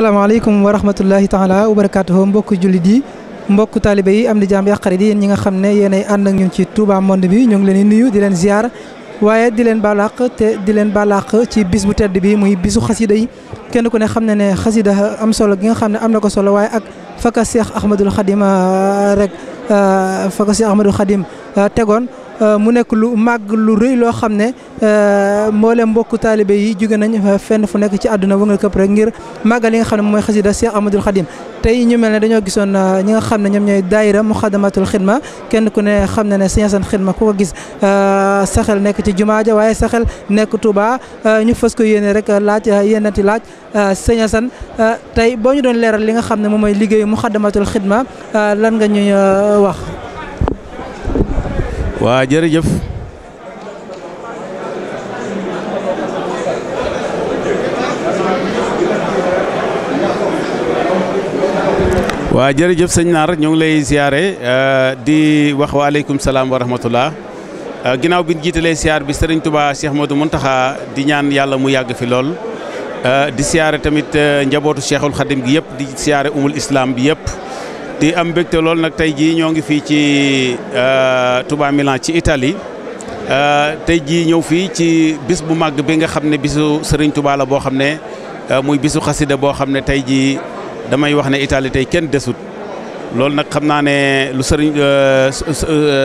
Assalamualaikum warahmatullahi rahmatullahi taala wa barakatuhu mbokk jullit yi mbokk yi am di jaam yàqari di yéen ñi nga xam ne yéen ay ak ñun ci Touba Monde bi ñu ngi leen di nuyu di leen ziar waaye di leen balaax te di leen balaax ci bis bu tedd bi muy bisu xasida yi kenn ku ne xam ne ne am solo gi nga xam am na ko solo waaye ak faka Cheikh Ahmadul Khadim ah, rek ah, faka Cheikh Ahmadul Khadim ah, tegon Euh, mu nekk lu màgg lu rëy loo xam ne euh, mboolem mbokku taalibe yi jóge nañ fenn fu nekk ci àdduna wëngal këpp rek ngir màggal li nga xam ne mooy xasida Cheikh Ahmadoul Khadim tey ñu mel ne dañoo gisoon euh, ñi nga xam ne ñoom ñooy daayira muxadamatul xidma kenn ku ne xam ne ne siñasan xidma ku ko gis saxel nekk ci jumaa ja waaye saxeel nekk Touba ñu fës ko yéene rek laaj yéenati laaj siñasan tey boo ñu doon leeral li nga xam ne moom mooy liggéeyu muxadamatul xidma lan nga ñuy wax waa jërëjëf waa jërëjëf sëñ Naar ñoo ngi lay siyaare euh, di wax waaleykum salaam wa rahmatullah euh, ginnaaw bi ñu jiitalee siyaar bi sëriñ Touba Cheikh Modou taxa di ñaan yàlla mu yàgg fi lool euh, di siyaare tamit njabootu Cheikhul Khadim gi yëpp di siyaare umul islaam bi yépp di am mbégte lool nag tey jii ñoo ngi fii ci Euh, Touba Milan ci Italie euh, tey jii ñëw fii ci bis bu màgg bi nga xam ne bisu Serigne Touba la boo xam ne euh, muy bisu xasida boo xam ne tey jii damay wax ne Italie tey kenn desut loolu nag xam naa ne lu Serigne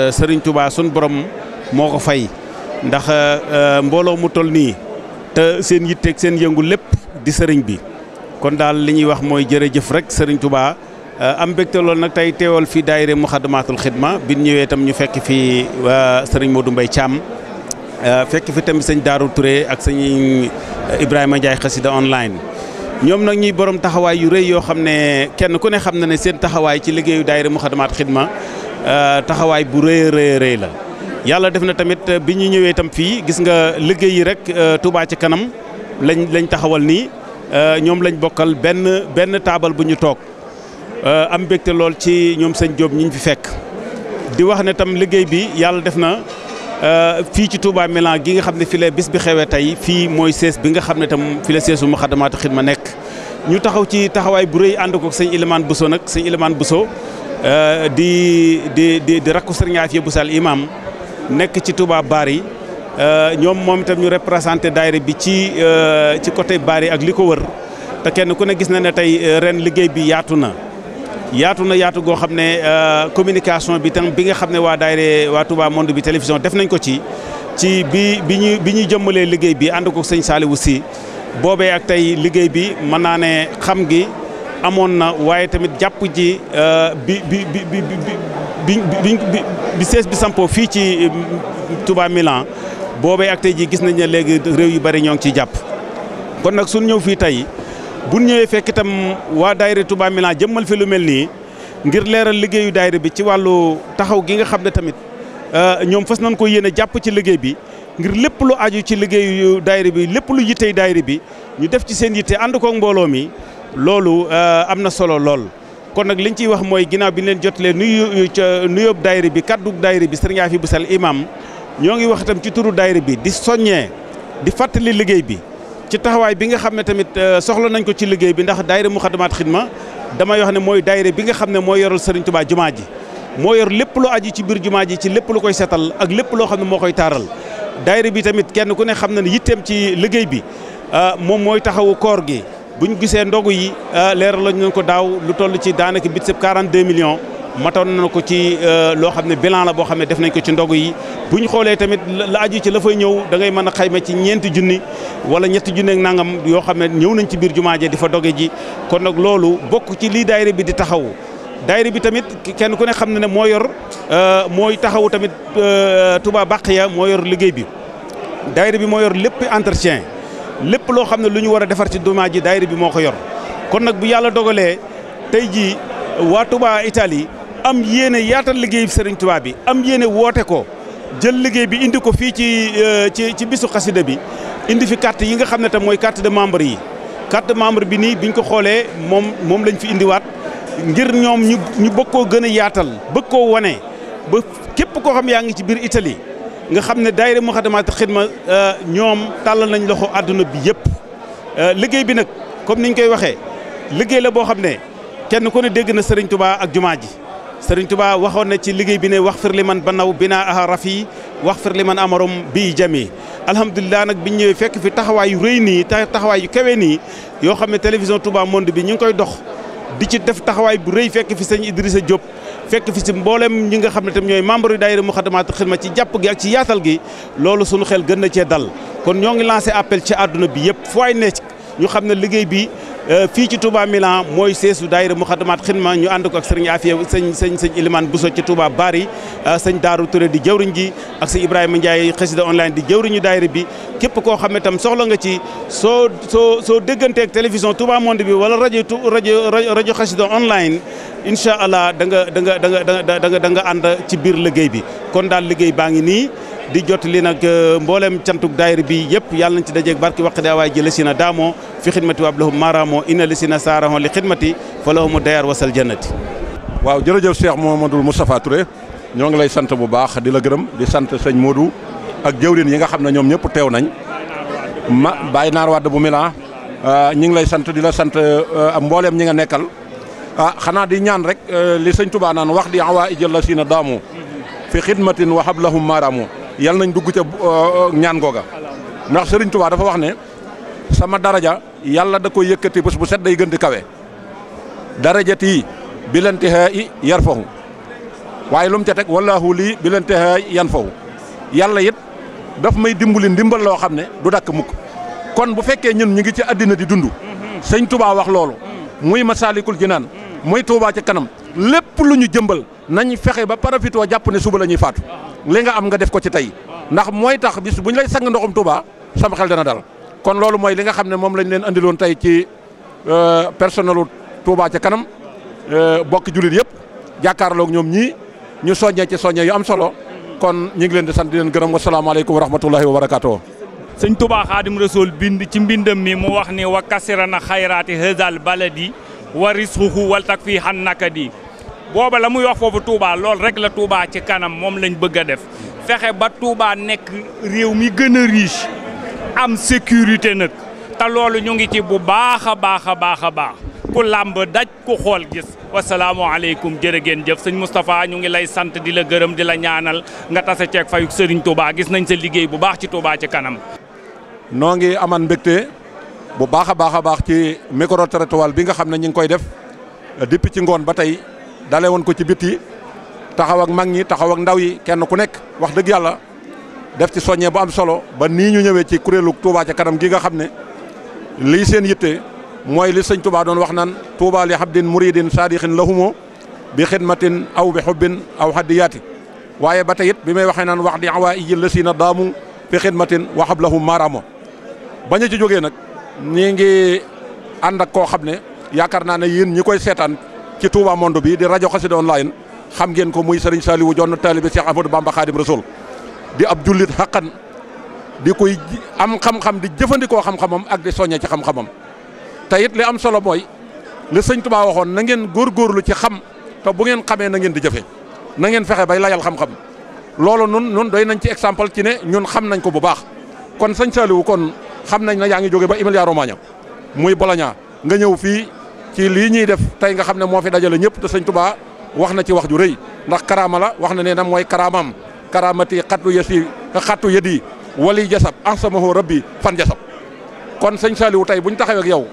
sëriñ Touba suñ borom moo ko fay ndax mbooloo mu toll nii te seen yitteeg seen yëngu lépp di sëriñ bi kon daal li ñuy wax mooy jërëjëf rek Serigne Touba. am bekte lol nak tay teewal fi daayira mukhadamatul khidma bi ñewé tam ñu fekk fi wa serigne Modou mbay cham fekk fi tam serigne Daaru Touré ak serigne Ibrahima ndjay khassida online ñom nak ñi borom taxaway yu reey yo xamné kenn ku ne xamna ne seen taxaway ci liggéeyu daayira mukhadamat khidma taxaway bu reey reey reey la. yàlla def na tamit bi ñu ñewé tam fi gis nga liggéey yi rek Touba ci kanam lañ lañ taxawal ni ñom lañ bokal ben ben table bu ñu tok Euh, am mbégte lool ci ñoom sëñ Diop ñi ñu fi fekk di wax ne tam liggéey bi yàlla def na euh, fii ci Touba Milan gi nga xam ne fi la bis bi xewee tey fii mooy sees bi nga xam ne tam fi la seesu Moukhaddamatoul ma nekk ñu taxaw ci taxawaay bu rëy ànd ko sëñ Ilimane Bousso nag sëñ Ilimane Bousso euh, di di di di rakku sëriñ Afia Bousso al imam nekk ci Touba Bari ñoom moom itam ñu représenté daayira bi ci ci côté Bari ak li ko wër te kenn ku ne gis na ne tey ren liggéey bi yaatu na yaatu na yaatu goo xam ne euh, communication bi tam bi nga xam ne waa daayira waa Touba Monde bi télévision def nañ ko ci ci bi bi ñu bi ñuy jëmmalee liggéey bi ànd ko sëñ Saliou Sy boobee ak tey liggéey bi mën naa ne xam gi amoon na waaye tamit jàpp ji euh, bi bi bi bi sees bi sampoo fii ci euh, Touba Milan boobee ak tey ji gis nañ ne léegi réew yu bari ñoo ngi ciy jàpp kon nag suñ ñëw fii tey bu ñëwee fekk itam waa daayira mi laa jëmmal fi lu mel nii ngir leeral liggéeyu daayira bi ci wàllu taxaw gi nga xam ne tamit euh, ñoom fas nañ ko yéene jàpp ci liggéey bi ngir lépp lu aju ci liggéeyu daayira bi lépp lu yittey daayira bi ñu def ci seen yitte ànd koog mbooloo mi loolu euh, am na solo lool. kon nag liñ ciy wax mooy ginnaaw bi neen leen jotalee nuyu nuyoob bi kaddu daayira bi sëriñ Afi bu sal imam ñoo ngi wax itam ci turu daayira bi di soññee di fàttali liggéey bi. ci taxawaay bi nga xam ne tamit euh, soxla nañ ko ci liggéey bi ndax daayira Muxaddamaat Xidma damay wax ne mooy daayira bi nga xam ne mooy yoral Serigne Touba jumaa ji moo yor lépp lu aju ci biir jumaa ji ci lépp lu koy setal ak lépp loo xam ne moo koy taaral daayira bi tamit kenn ku ne xam na ne yitteem ci liggéey bi euh, moom mooy taxawu koor gi buñ gisee ndogu yi euh, leeral lañ leen ko daaw lu toll ci daanaka bit sëb 42 millions matoon na ko ci euh, loo xam ne bilan la boo xam ne def nañ ko ci ndog yi bu ñu xoolee tamit la aju ci la fay ñëw dangay ngay mën a xayma ci ñeenti junni wala ñetti junni ak nangam yoo xam ne ñëw nañ ci biir jumaa ja di fa ji kon nag loolu bokk ci lii daayira bi di taxaw daayira bi tamit kenn ku ne xam na ne moo yor euh, mooy taxawu tamit euh, Touba Baqiya moo yor liggéey bi daayira bi moo yor lépp entretien lépp loo xam ne lu ñu war a defar ci jumaa ji daayira bi moo ko yor kon nag bu yàlla dogalee tey jii waa Touba Italie am yéene yaatal liggéeyu Serigne Touba bi am yéene woote ko jël liggéey bi indi ko fii ci euh, ci ci bisu xasida bi indi fi carte yi nga xam ne tam mooy carte de membre yi carte de membre bi nii biñ ko xoolee moom moom lañ fi indiwaat ngir ñoom ñu ñu bëgg koo gën a yaatal bëgg koo wane ba képp koo xam yaa ngi ci biir Italie nga xam ne daayira Muxaddamatul Xidma euh, ñoom tàllal nañ loxo àdduna bi yëpp euh, liggéey bi nag comme niñ koy waxee liggéey la boo xam ne kenn ku dégg na Serigne Touba ak jumaa ji sëriñ Tuubaa waxoon na ci liggéey bi ne wax fir li man banaw binaa aha rafi wax fir li man bi bii jami alhamdulilah nag bi ñu ñëwee fekk fi taxawaay yu rëy nii taxawaay yu kawe nii yoo xam ne télévision Touba Monde bi ñu ngi koy dox di ci def taxawaay bu rëy fekk fi sëñ Idrissa Diop fekk fi si mboolem ñi nga xam ne tam ñooy membre yu daayira Muxaddamatul Xidma ci jàpp gi ak ci yaatal gi loolu sunu xel gën na cee dal kon ñoo ngi lancé appel ci àdduna bi yëpp foo ay nekk xam ne liggéey bi Euh, fii ci Touba Milan mooy seesu daayira Muxaddamaat Xidma ñu ànd ko ak sëriñ Afia sëñ sëñ sëñ Ilimane Bousso ci Touba Bari euh, sëñ Daaru Touré di jëwriñ ji ak sëñ Ibrahima Ndiaye xasida online di jëwriñu daayira bi képp koo xam ne tam soxla nga ci soo soo soo dégganteeg télévision Touba Monde bi wala rajo rajo rajo xasida online incha allah da nga da nga da danga da nga da nga ànd ci biir liggéey bi kon daal liggéey baa ngi nii di jot eh, li nag mboolem cantuk daayir bi yep yalla nanti dajje ak barki waqda waay ji lisina damo fi khidmati wa ablahum maaraamoo ina lisina saarahon li khidmati falahum dayar wasal jannati waaw jërëjëf Cheikh Mouhamadoul Moustapha Touré ñong lay sante bu baax di la gërem di sante seigne Modou ak jëwrin yi nga xamna ñom ñep tew nañ ma bàyyi naar wadd bu Milan ah, ñing lay sante di la sante ah, mbooleem ñi nga nekkal ah, xana di ñaan rek eh, li seigne Touba nan wax di awa ijal la siina fi khidmatin wa hablahum maramo yal nañ dugg ca euh, ñaan googa ndax Serigne Touba dafa wax ne sama daraja yàlla da koy yëkkati bés bu set day gën di kawe darajati bilantihaai yarfahu waaye lu ca teg wallaahu lii yan yanfahu yàlla it daf may dimbali ndimbal loo xam ne du dakk mukk kon bu fekkee ñun ñu ngi ci àddina di dund sëñ tubaa wax loolu muy Masaalikul Jinaan muy Touba ca kanam lépp lu ñu jëmbal nañ fexe ba parafitoo jàpp ne suba la ñuy faatu li nga am nga def ko ci tey ndax mooy tax bis bu ñu lay sang ndoxum tubaa sama xel dana dal kon loolu mooy li nga xam ne moom lañu leen andiloon tey ci euh, personnelu Touba ci kanam euh, bokk jullit yëpp jàkkaarloog ñoom ñii ñu soññee ci soññee yu am solo kon ñu ngi leen di sant di leen gërëm wasalaamaaleykum wa rahmatullahi wa barakaatu. sëñ Touba Xaadim Rasul bind ci mbindam mi mu wax ni wa kasirana xayraati hëzal baladi wa risquhu wal takfi xan nakadi booba la muy wax foofu Touba loolu rek la Touba ci kanam moom lañ bëgg a def fexe ba Touba nekk réew mi gën a riche am sécurité nag te loolu ñu ngi ci bu baax a baax a baax a baax ku làmb daj ku xool gis wasalaamualeykum jërë ngeen jëf sëñ Moustapha ñu ngi lay sant di la gërëm di la ñaanal nga tase ceeg fayu Serigne Touba gis nañ sa liggéey bu baax ci Touba ci kanam. noo ngi aman mbégte bu baax a baax a baax ci micro trottoir bi nga xam ne ñu ngi koy def depuis ci ngoon ba tey. dale won ko ci biti taxaw ak magni taxaw ak ndaw yi kenn ku nek wax deug yàlla def ci soñé bu am solo ba ni ñu ñëwé ci kurelu Touba ci kanam gi nga xamné li seen yitte moy li seigne Touba doon wax naan Touba li habdin muridin sadiqin lahumo bi khidmatin aw bi hubbin aw hadiyaati waye ba tayit bi may waxé naan wax di awaa ijil la siina daamu fi khidmatin wa hablahum maramo baña ci joggé nak ñi ngi ànd ak ko xamné yakarna na yéen ñi koy sétane ci Touba Monde bi di rajo Xassida online xam ngeen ko muy Serigne Saliou Dione taalibe Cheikh Ahmadou Bamba Khadim di ab jullit xaqan di koy am xam-xam di jëfandikoo xam-xamam ak di soññee ci xam-xamam te it li am solo mooy li sëñ Touba waxoon na ngeen góorgóorlu ci xam te bu ngeen xamee na ngeen di jëfe na ngeen fexe bay layal xam-xam loolu nun nun doy nañ ci exemple ci ne ñun xam nañ ko bu baax kon sëñ Saliou kon xam nañ na yaa ngi jóge ba Emilia Romagna muy Bologna ci lii ñuy def tey nga xam ne moo fi dajale ñëpp te sëñ Tuubaa wax na ci wax ju rëy ndax karaama la wax na ne na mooy karaamam karaamati xattu yasi xattu yadi wali jasab ansamahu rabbi fan jasab kon sëñ Saliou tey buñ ñu taxawee yow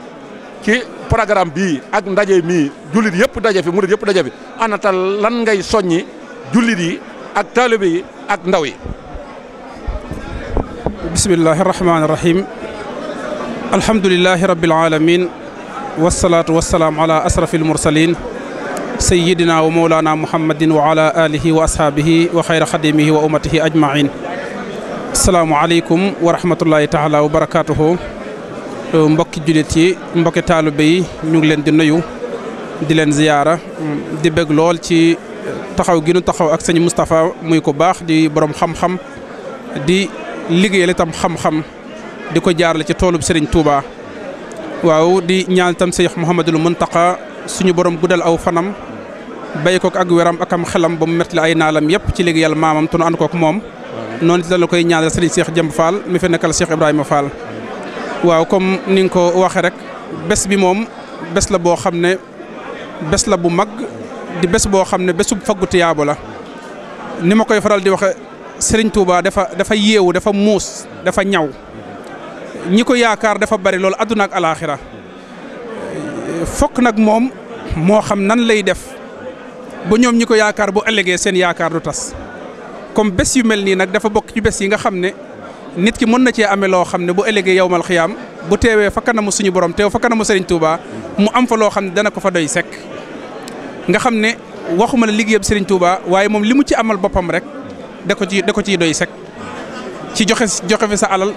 ci programme bii ak ndaje mii jullit yëpp daje fi murit yëpp daje fi anatal lan ngay soññi jullit yi ak taalibe yi ak ndaw yi bismillahi rahmaani rahim alhamdulillahi rabbil alamin والصلاة والسلام على أسرف المرسلين سيدنا ومولانا محمد وعلى آله وأصحابه وخير خدمه وأمته أجمعين السلام عليكم ورحمة الله تعالى وبركاته مبكي جلتي مبكي طالبي نغلن دي نيو زيارة دي لول تي تخاو جينو تخاو أكسن مصطفى ميكو باخ دي بروم خم خم دي ليغي يلي خم خم دي كو جار لتي طولب سرين توبا waaw di ñaan tam Seex Muhammadul Muntaqa suñu borom guddal aw fanam bay kook ak weram ak xelam ba mu metti la ay naalam yëpp ci liggéeyal maamam te nu ànd kook moom noonu la koy ñaanal Sëriñ Seex Jëmb faal mu fi nekkal Seex Ibrahima Fall. waaw comme ni nga ko waxee rek bés bi moom bes la boo xam ne bés la bu mag di bés boo xam ne bésub faggu tiyaabo la ni ma koy faral di waxe Sëriñ Tuubaa dafa dafa yéewu dafa muus dafa ñaw ñiko yaakar dafa bari loolu aduna ak alakhirah fokk nak mom mo xam nan lay def bu ñom ñiko yaakar bu ëllëgee sen yaakar du tass comme bés yu melni nak dafa bok ci bés yi nga xamne nit ki mën na ci amé lo xamne bu ëllëgee yowmal khiyam bu téwé fa kanamu suñu borom téw fa kanamu Serigne Touba mu am fa lo xamne dana ko fa doy sek nga xamne waxuma la liggéeyam Serigne Touba waye mom limu ci amal bopam rek da ko ci da ko ci doy sek ci joxe joxe fi sa alal.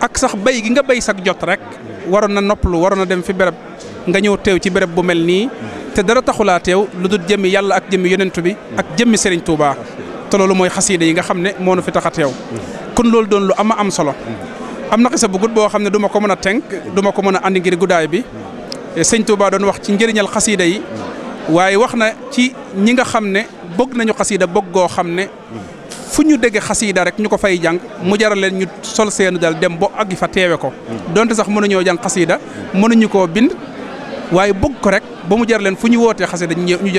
ak sax bay gi nga bay sak jot rek waroon na noplu waroon na dem fi bereb nga ñew tew ci bereb bu mel te dara taxula tew lu dut jëmi yalla ak jëmi yonentu bi ak jëmi Serigne Touba te lolu moy xasiida yi nga xamne mo moo nu fi kun lolu don lu ama am solo am na xisa bu gud bo xamne duma ko mën tenk duma ko mën andi ngir guddaay bi serigne Touba don wax ci njëriñal xasiida yi waye waxna ci ñi nga xamne bok nañu bok go xamne fu ñu dégg xasiida rek ñu ko fay jàng mu jaral leen ñu sol seenu dal dem bo aggi fa teewe ko donte sax mënuñoo jàng xasiida mënuñu koo bind waaye bëgg ko rek ba mu jaral leen fu ñu wootee xasiida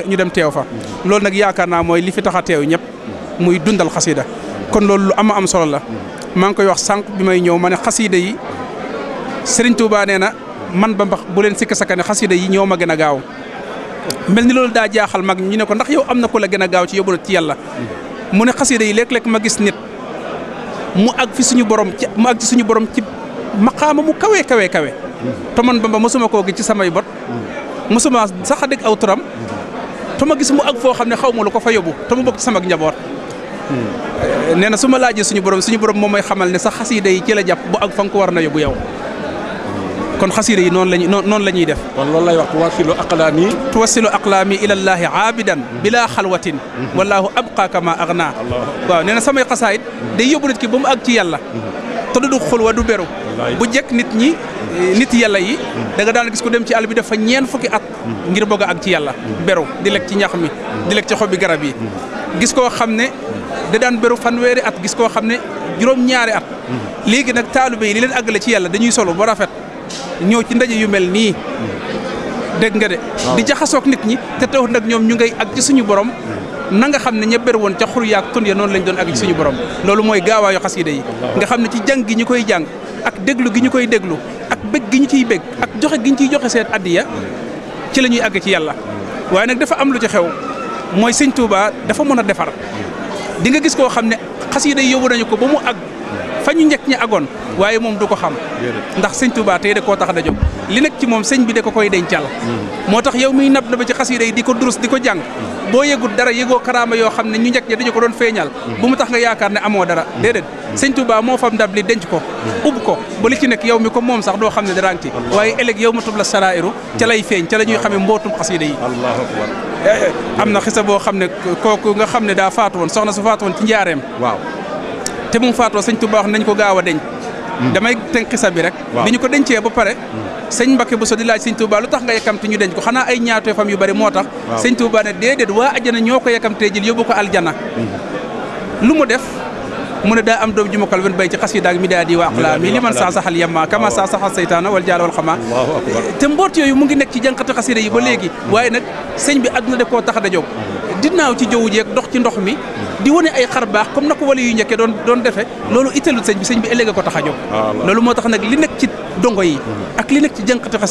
ñu dem teew fa loolu nag yaakaar naa mooy li fi tax a teew ñëpp muy dundal xasiida kon loolu lu am am solo la maa ngi koy wax sànq bi may ñëw ma ne xasiida yi Serigne Touba nee na man ba mbax bu leen sikka ne xasiida yi ñoo ma gën a gaaw mel ni loolu daa jaaxal mag ñu ne ko ndax yow am na ku la gën a gaaw ci yóbbu ci yàlla mu ne xasida yi léeg-léeg ma gis nit mu àgg fi suñu borom ci mu àgg ci suñu borom ci maqaama mu kawe kawe kawe te man Bamba suma koo gi ci samay bot mosuma sax a dégg aw turam te ma gis mu àgg foo xam ne xaw ma lu ko fa yóbbu te mu bokk ci sama njaboot hmm. eh, nee na su ma laajee suñu borom suñu borom moom mooy xamal ne sax xasida yi ci la jàpp bu àgg fa ko war na yóbbu yow kon xasida yi noonu lañuy noonu la ñuy def kon loolu lay wax tuwasilu aqlaami tuwasilu aqlaami ilallaahi aabidan bila xalwatin mhm. wallahu abqa kama agna waaw nee na samay xasaayit day yóbbu nit ki ba mu àgg ci yàlla mhm. te du xulwa du beru bu jekk nit ñi mhm. nit yàlla yi da nga daan gis ko dem ci àll bi dafa ñeen fukki at ngir bëgg a àgg ci yàlla beru di lekk ci ñax mi di lekk ci xobi garab yi gis koo xam ne da daan beru fanweeri at gis koo xam ne juróom ñaari at léegi nag taalibe yi li leen àggale ci yàlla dañuy solo ba rafet ñëw ci ndaje yu mel nii dégg nga de di jaxasoog nit ñi te taw nag ñoom ñu ngay ak ci suñu borom hmm. na nga xam ne ña bér woon ca xur yaak tun ya noonu lañ doon ak ci suñu hmm. borom loolu mooy gaawaayu xasida yi nga xam ne ci jàng gi ñu koy jàng ak déglu gi ñu koy déglu ak bég gi ñu ciy bég ak joxe gi ñu ciy joxe seet addiya hmm. ci la ñuy àgg ci yàlla waaye nag dafa am lu ci xew mooy sëñ Touba dafa mën a defar di nga gis koo xam ne xasida yi yóbbu nañu ko ba mu àgg fa ñu njëkk ñi agoon waaye moom du ko xam ndax sëñ Touba tey da koo tax da li nag ci moom sëñ bi de ko koy dencal mm-hmm. moo tax yow miy nab na ba ci xasida yi di ko durus di ko jàng mm-hmm. boo yëgut dara yëgoo karaama yoo xam ne ñu njëkk ñi dañu ko doon feeñal mm-hmm. bu mu tax nga yaakaar ne amoo dara déedéet sëñ Touba moo fam ndab li denc ko ub ko ba li ci nekk yow mi ko moom sax doo xam ne dara ci waaye ëllëg yow ma tub la sarairu ca lay feeñ ca la ñuy xamee mbootum xasida yi eh, eh. am na xisa boo xam ne kooku nga xam ne daa faatu woon soxna su ci njaareem waaw te mu faatoo sëñ Touba wax ko gaaw a denc. Hmm. damay tënk xisa bi rek. bi ñu ko dencee ba pare. sëñ Mbakke Bousso di laaj sëñ Touba lu tax nga yàkkamti ñu denc ko xanaa ay ñaatee fam yu bari moo tax. waaw sëñ Touba ne déedéet waa ajana ñoo ko yàkkamtee jël yóbbu ko aljana. Hmm. lu mu def. mu ne daa am doom ju ma kal wen bay ci xas yi daag mi daa di waa xalaa mi li man saa saxal yemma kama saa saxal saytaana wala jaal wal xamaa te mboot yooyu mu ngi nekk ci jànqati xasida yi ba léegi waaye nag sëñ bi àdduna da koo tax a di naaw ci jaww ji ak dox ci ndox mi di wane ay xar baax comme na wali yu njëkkee doon doon defee loolu italut sëñ bi sëñ bi ëllëg ko tax a jóg loolu li ci dongo yi mhm. ak li ci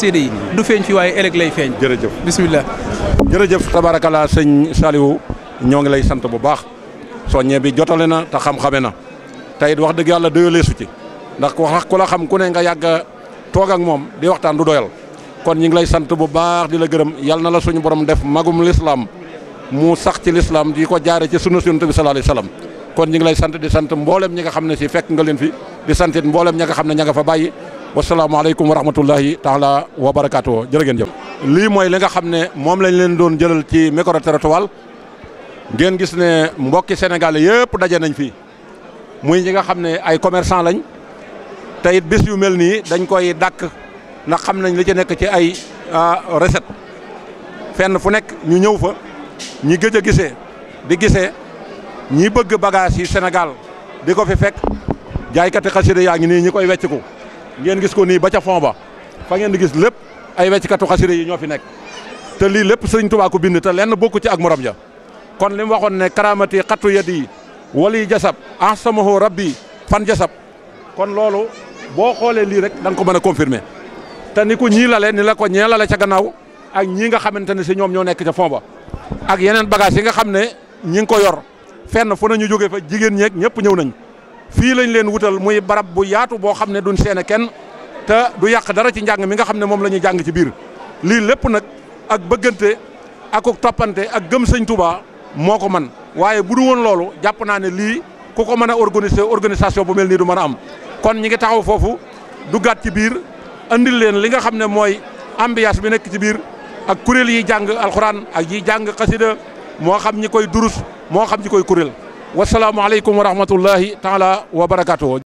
yi du feeñ fi waaye ëllëg lay feeñ jërëjëf bismillah jërëjëf tabarakallah sëñ Saliou ñoo ngi lay sant bu baax soññee bi jotale na ta xam-xame na tayit wax dëgg yàlla doyaleesu ci ndax wax ku la xam ku ne nga ak di waxtaan du doyal kon ñi ngi lay sant bu baax di la gërëm na la suñu borom def magum l'islam mu sax ci l'islam di ko jaare ci sunna yonent bi sallallahu alayhi wasallam kon ñi ngi lay sante di sante mbollem ñi nga xamne ci fekk nga leen fi di sante mbollem ñi nga xamne ñanga fa bayyi fa bàyyi wa rahmatullahi taala wa barakatuh jërë ngeen jëf. lii mooy li nga xamne mom lañ leen doon jëlal ci micro trottoir ngeen gis ne mbokki Sénégal yépp dajé nañ fi muy ñi nga xamne ay commerçant lañ te bis yu melni dañ koy dak na xamnañ li ci nek ci ay ah, recette fenn fu nek ñu ñëw fa. ñi gëj a gisee di gisee ñii bëgg bagage yi Sénégal di ko fi fekk jaaykati xasida yaa ngi nii ñi koy wecciku ngeen gis ko nii ba ca fond ba fa ngeen di gis lépp ay weccikatu xasida yi ñoo fi nekk te lii lépp sëriñ Tuubaa ko bind te lenn bokku ci ak morom ja kon li mu waxoon ne karamati xattu yet yi wali jasab ansamahu rabbi fan jasab kon loolu boo xoolee lii rek da nga ko mën a confirmer te ni ko ñii lale ni la ko ñee lale ca gannaaw ak ñii nga xamante ne si ñoom ñoo nekk ca fond ak yeneen bagage yi nga xam ne ñi ngi ko yor fenn fu nañu jóge fa jigéen ñeeg ñëpp ñëw nañ fii lañ leen wutal muy barab bu yaatu boo xam ne duñ seene kenn te du yàq dara ci njàng mi nga xam ne moom la ñuy jàng ci biir lii lépp nag ak bëggante ak toppante ak gëm sëñ moo ko man waaye bu du woon loolu jàpp naa ne lii ku ko mën a organiser organisation bu mel nii du mën a am kon ñi ngi taxaw foofu duggaat ci biir andil leen li nga xam ne mooy ambiance bi nekk ci biir ak kuréel yi jàng alxuraan ak yi jàng xasida moo xam ñi koy durus moo xam ñi koy kuréel wasalaamualeykum wa rahmatullahi taala wa barakaatu.